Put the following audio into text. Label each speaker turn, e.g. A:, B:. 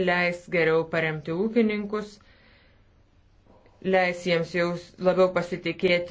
A: leis geriau paremti ūkininkus, leis jiems jau labiau pasitikėti